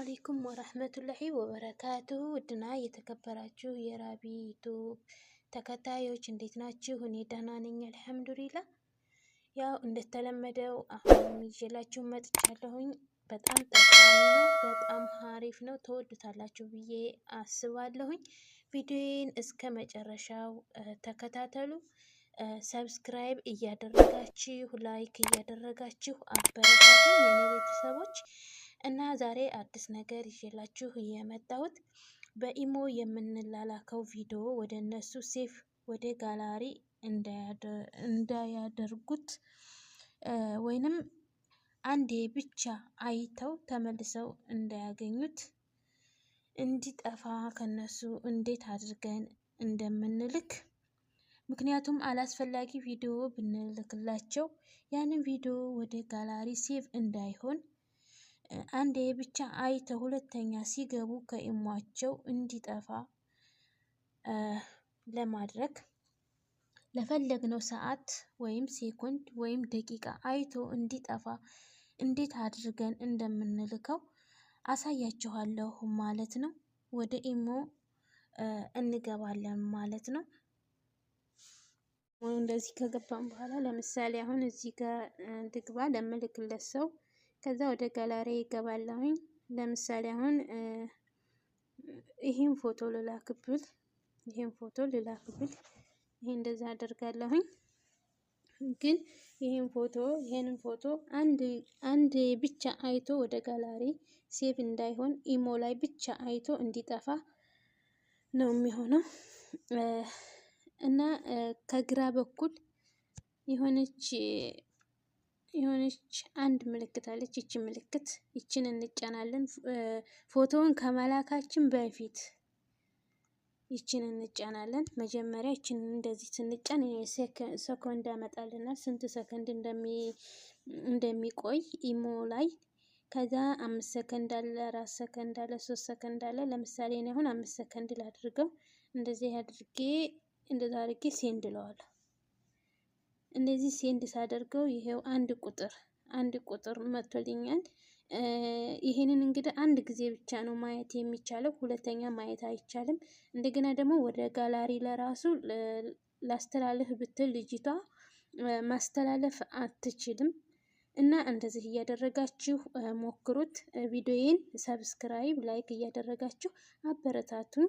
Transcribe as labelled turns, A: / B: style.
A: አለይኩም ወራህመቱላሂ ወበረካቱ ውድና የተከበራችሁ የራቢ ዩቱብ ተከታዮች እንዴት ናችሁ? እኔ ደህና ነኝ አልሐምዱሊላ። ያው እንደተለመደው አሁን ይዤላችሁ መጥቻለሁኝ። በጣም ጠቃሚ ነው፣ በጣም ሀሪፍ ነው። ተወዱታላችሁ ብዬ አስባለሁኝ። ቪዲዮዬን እስከ መጨረሻው ተከታተሉ። ሰብስክራይብ እያደረጋችሁ ላይክ እያደረጋችሁ አበረታቱ የኔ ቤተሰቦች። እና ዛሬ አዲስ ነገር ይዤላችሁ የመጣሁት በኢሞ የምንላላከው ቪዲዮ ወደ እነሱ ሴፍ ወደ ጋላሪ እንዳያደርጉት ወይንም አንዴ ብቻ አይተው ተመልሰው እንዳያገኙት እንዲጠፋ ከነሱ እንዴት አድርገን እንደምንልክ ምክንያቱም አላስፈላጊ ቪዲዮ ብንልክላቸው ያንን ቪዲዮ ወደ ጋላሪ ሴቭ እንዳይሆን አንዴ ብቻ አይተ ሁለተኛ ሲገቡ ከኢሟቸው እንዲጠፋ ለማድረግ ለፈለግነው ሰዓት ወይም ሴኮንድ ወይም ደቂቃ አይቶ እንዲጠፋ እንዴት አድርገን እንደምንልከው አሳያችኋለሁ ማለት ነው። ወደ ኢሞ እንገባለን ማለት ነው። እንደዚህ ከገባን በኋላ ለምሳሌ አሁን እዚህ ጋር ድግባ ለምልክለት ሰው ከዛ ወደ ጋላሪ ይገባለሁኝ። ለምሳሌ አሁን ይህን ፎቶ ልላክብል ይህን ፎቶ ልላክብል ይህ እንደዛ አደርጋለሁኝ። ግን ይህን ፎቶ ይህንን ፎቶ አንድ አንድ ብቻ አይቶ ወደ ጋላሪ ሴቭ እንዳይሆን ኢሞ ላይ ብቻ አይቶ እንዲጠፋ ነው የሚሆነው እና ከግራ በኩል የሆነች የሆነች አንድ ምልክት አለች። ይቺ ምልክት ይችን እንጫናለን። ፎቶውን ከመላካችን በፊት ይችን እንጫናለን። መጀመሪያ ይችን እንደዚህ ስንጫን ሰኮንድ ያመጣልናል፣ ስንት ሰከንድ እንደሚቆይ ኢሞ ላይ። ከዛ አምስት ሰከንድ አለ፣ አራት ሰከንድ አለ፣ ሶስት ሰከንድ አለ። ለምሳሌ እኔ አሁን አምስት ሰከንድ ላድርገው። እንደዚህ አድርጌ እንደዛ አድርጌ ሴንድ እለዋለሁ። እንደዚህ ሴንድ ሳደርገው ይሄው አንድ ቁጥር አንድ ቁጥር መጥቶልኛል። ይሄንን እንግዲህ አንድ ጊዜ ብቻ ነው ማየት የሚቻለው፣ ሁለተኛ ማየት አይቻልም። እንደገና ደግሞ ወደ ጋላሪ ለራሱ ላስተላልፍ ብትል ልጅቷ ማስተላለፍ አትችልም። እና እንደዚህ እያደረጋችሁ ሞክሩት። ቪዲዮዬን ሰብስክራይብ፣ ላይክ እያደረጋችሁ አበረታቱን።